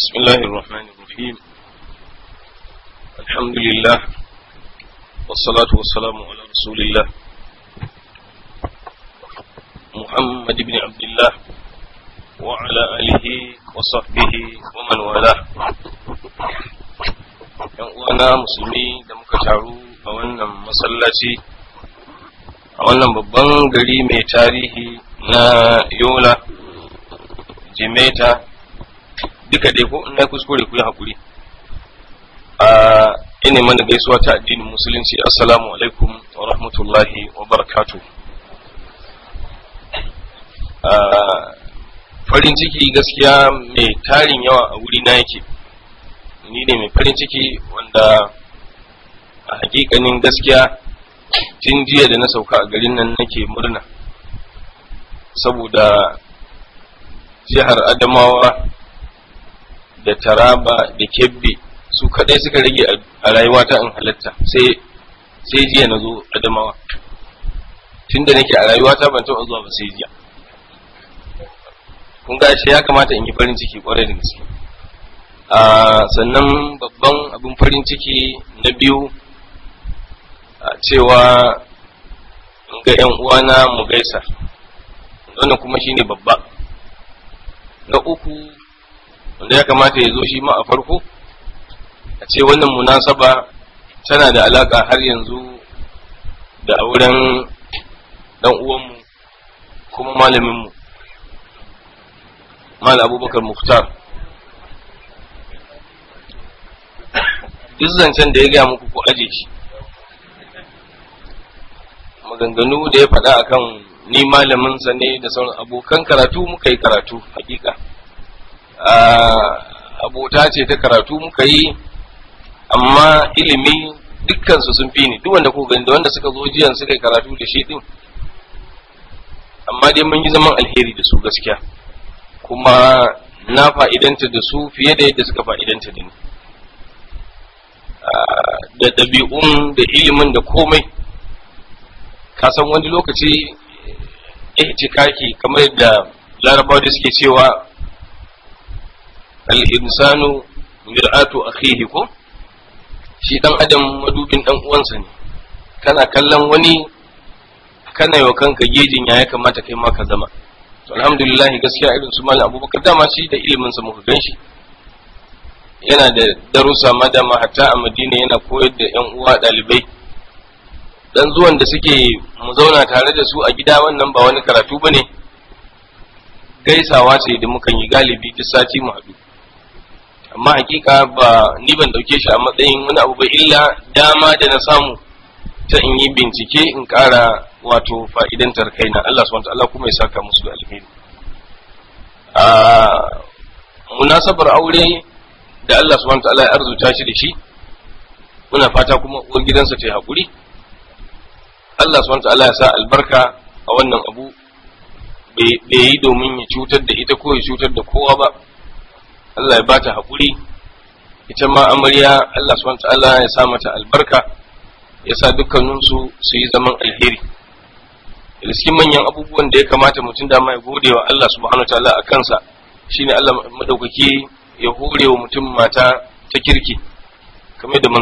بسم الله الرحمن الرحيم الحمد لله والصلاة والسلام على رسول الله محمد بن عبد الله وعلى آله وصحبه ومن والاه ‘yan uwana musulmi da muka taru a wannan masallaci a wannan babban gari mai tarihi na yola jimeta duka dai ko in na kuskure ku yi hakuri a ina mana gaisuwa ta addinin musulunci assalamu alaikum wa rahmatullahi wa a farin ciki gaskiya mai tarin yawa a wuri na yake ni ne mai farin ciki wanda a hakikanin gaskiya tun jiya da na sauka a garin nan nake murna saboda jihar adamawa da taraba da kebbi su kadai suka rage a rayuwa ta in halatta sai sai jiya na zo adamawa tunda nake a rayuwa ta ban taɓa zuwa ba sai jiya kun ga ya kamata in yi farin ciki kwarai da gaske sannan babban abin farin ciki na biyu cewa ga 'yan uwana mu gaisa wannan kuma shine babba na uku wanda ya kamata ya zo shi ma a farko a ce wannan munasaba tana da alaka har yanzu da auren dan uwanmu kuma malaminmu mal abubakar muktar duk zancen da ya gaya muku ko aje shi maganganu da ya faɗa akan ni malaminsa ne da sauran abokan karatu muka yi karatu Ah, abota ce ta karatu muka yi amma ilimi dukkansu sun fi ni duk wanda ku gani da wanda suka zo jiyan suka yi karatu da shi din amma dai mun yi zaman alheri da su gaskiya kuma na fa'idanta da su fiye da yadda suka fa'idanta da ni ah, da ɗabi'un da ilimin da komai ka san wani lokaci ya eh, kaki kamar yadda larabawa da suke cewa al'insanu mir'atu akhihi ko shi dan adam madubin dan uwansa ne kana kallon wani kana yi wa kanka gejin ya ya kamata kai ma ka zama to alhamdulillah gaskiya irin su malam abubakar dama shi da ilimin sa muka ganshi yana da darussa ma dama hatta a madina yana koyar da yan uwa dalibai dan zuwan da suke mu zauna tare da su a gida wannan ba wani karatu bane gaisawa ce da mukan yi galibi duk sati mu amma hakika ba ni ban dauke shi a matsayin wani abu ba illa dama da na samu ta in yi bincike in kara wato fa'idantar kaina Allah subhanahu Allah kuma ya saka musu da alheri a munasabar aure da Allah subhanahu Allah ya arzuta shi da shi muna fata kuma uwar gidansa ta yi hakuri Allah subhanahu Allah ya sa albarka a wannan abu bai yi domin ya cutar da ita ko ya cutar da kowa ba Allah ya bata hakuri ita ma amarya Allah subhanahu ta'ala ya sa mata albarka ya sa dukkaninsu su yi zaman alheri da cikin manyan abubuwan da ya kamata mutum dama ya gode wa Allah subhanahu ta'ala a kansa shine Allah madaukaki ya hore wa mutum mata ta kirki kamar da